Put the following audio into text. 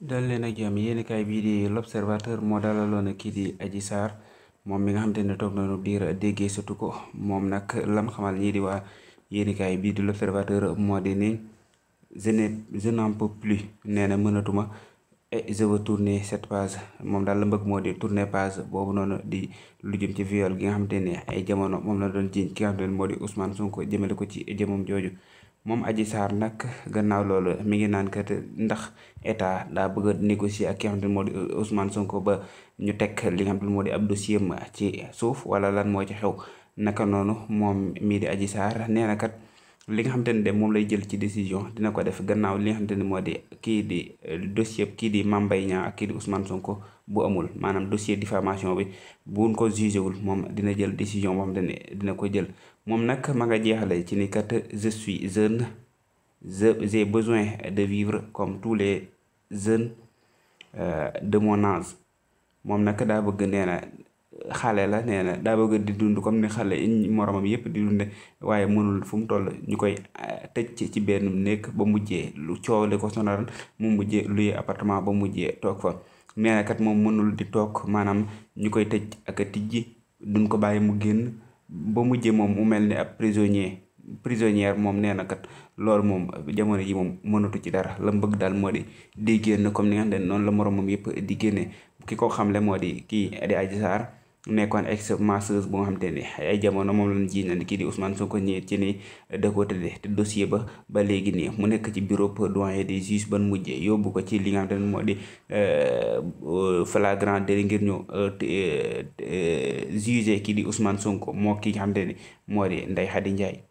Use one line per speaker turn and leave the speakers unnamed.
dal leen ak jàmm yéenekaay bii di l'observateur moo dalaloon kii di aji saar moom mi nga xamante ne toog nañu diir déggee satu ko moom nag lam xamal ñii di waa yéenekaay bii di l'observateur moo di ni je ne je n'en plus nee na mënatuma et je veux cette page moom daal la mbëgg moo di tourner page boobu noonu di lu jëm ci viol gi nga xamante ne ay jamono moom la doon jiiñ ki nga xamante ne moo di Ousmane Sonko jëmale ko ci jëmam jooju moom Adji saar nag gannaaw loolu mi ngi naan kat ndax état daa bëgg a négocier ak ki nga xam te moo di Ousmane Sonko ba ñu teg li nga xam te moo di ab dossier ci suuf wala lan moo ci xew naka noonu moom mii di Adji Sarr nee na kat. li nga xamante ne de moom lay jël ci décision dina ko def gannaaw li nga xamante ne moo di kii di euh, dossier kii di Mame Mbaye ak kii di Ousmane Sonko bu amul maanaam dossier diffamation bi buñ ko jugé wul moom dina jël décision boo xamante ne dina ko jël moom nag ma nga jeexale ci ni kat je suis jeune j'ai besoin de vivre comme tous les jeunes euh, de mon moom nag daa bëgg nee na xale la nee na daa bëgg di dund comme ni xale moromam yëpp di dunde waaye mënul fu mu toll ñu koy eh, tëj ci benn néeg ba mujjee lu coow ko sonaran mu mujjee luy appartement ba mujjee toog fa nee kat moom mënul di toog maanaam ñu koy tëj ak a tijji duñ ko bàyyi mu génn ba mujjee moom mu mel ni ab prisonnier prisonnière moom nee na loolu moom jamono ji moom mënatu ci dara la mu bëgg daal moo di di génn comme ni nga xam noonu la moromam yëpp di génne ki ko xamle moo di kii di Adji nekkoon ex masseuse boo nga xamante ni ay jamono moom lañ ji nañ kii di Ousmane Sonko ñëwee ci nii da koo te dossier ba ba léegi nii mu nekk ci bureau doyen des juges ban mujjee yóbbu ko ci li nga xamante ne moo di euh, flagrant ngir ñu euh, euh, juger kii di Ousmane Sonko moo ki nga xamante ni moo di Ndeye Khady Ndiaye.